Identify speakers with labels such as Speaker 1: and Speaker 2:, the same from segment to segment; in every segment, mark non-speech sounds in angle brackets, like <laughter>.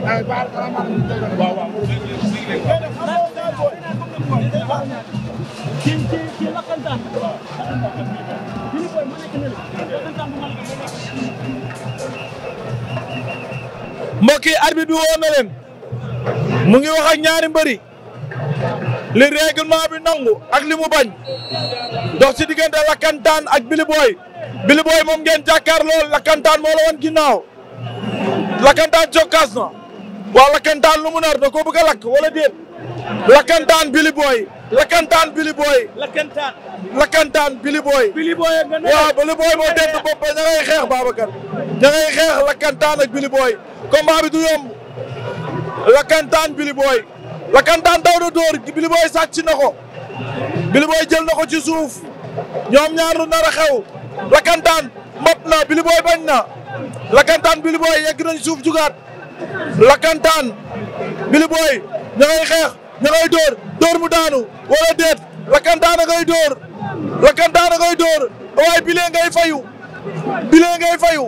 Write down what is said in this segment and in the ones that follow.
Speaker 1: waaw waaw. ci ci bi woo mu ngi wax ak ñaari mbëri. li règlement bi nangu ak li mu bañ dox ci diggante lakkantaan ak Billy Boy moom ngeen jàkkaar lool lakkantaan moo la woon ginnaaw lakkantaan cokkaas waa lakkantaan lu mu nar da ko bëgg a lakk wala déet lakkantaan bili booy lakkantaan bili booy lakkantaan lakkantaan bili waaw bili booy moo dégg bopp ña ngay xeex Babacar ña ngay xeex lakkantaan ak bili booy combat bi du yomb lakkantaan bili booy lakkantaan daw na dóor bili booy sàcc ko bili booy jël na ko ci suuf ñoom ñaar lu nar a xew lakkantaan map na bili bañ na lakkantaan bili booy yegg nañ suuf jugaat lakkantaan Billy Boy ña ngay xeex ña ngay dóor dóor mu daanu wala déet lakkantaan a dóor lakkantaan a dóor waaye Billy ngay fayu Billy ngay fayu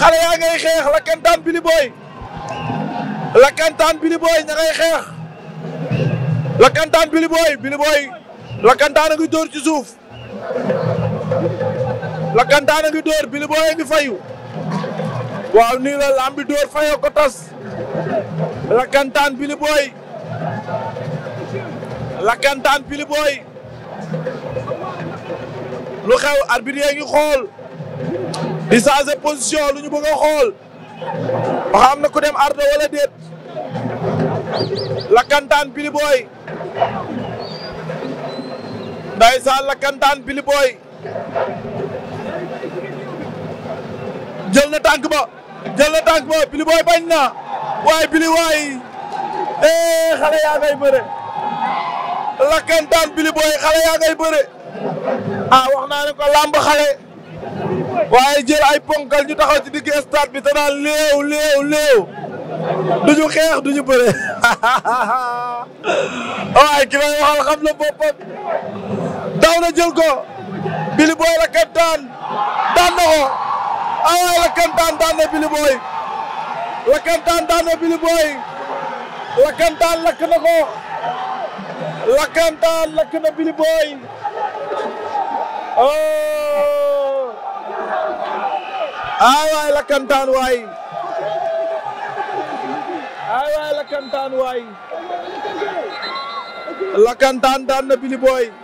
Speaker 1: xale yaa ngay xeex lakkantaan Billy Boy lakkantaan Billy xeex lakkantaan Billy Boy Billy Boy dóor ci suuf lakkantaan dóor Billy Boy fayu waaw nii la lambi dóor fayoo ko tas lakkantaan Billy Boy lakkantaan Billy Boy lu xew arbitre yi ngi xool di changer position lu ñu bëgg a xool ba xam na ku dem ardo wala déet lakkantaan da Boy ndaysaan lakkantaan Billy Boy jël na tànk ba jël na tànk ba Bily Boy bañ na waaye Bily waay eh xale yaa ngay bëre lakkantaan Bily Boy xale yaa ngay bëre ah wax naa ne ko làmb xale waaye jël ay ponkal ñu taxaw ci digg stade bi te naan léew léew léew duñu xeex duñu bëre <laughs> waaye ki may xam na boppam daw na jël ko Bily Boy lakkantaan daan na ko awaay lakkantaan daan na Billy Boy lakkantaan daan na Billy Boy lakkantaan lakk na ko lakkantaan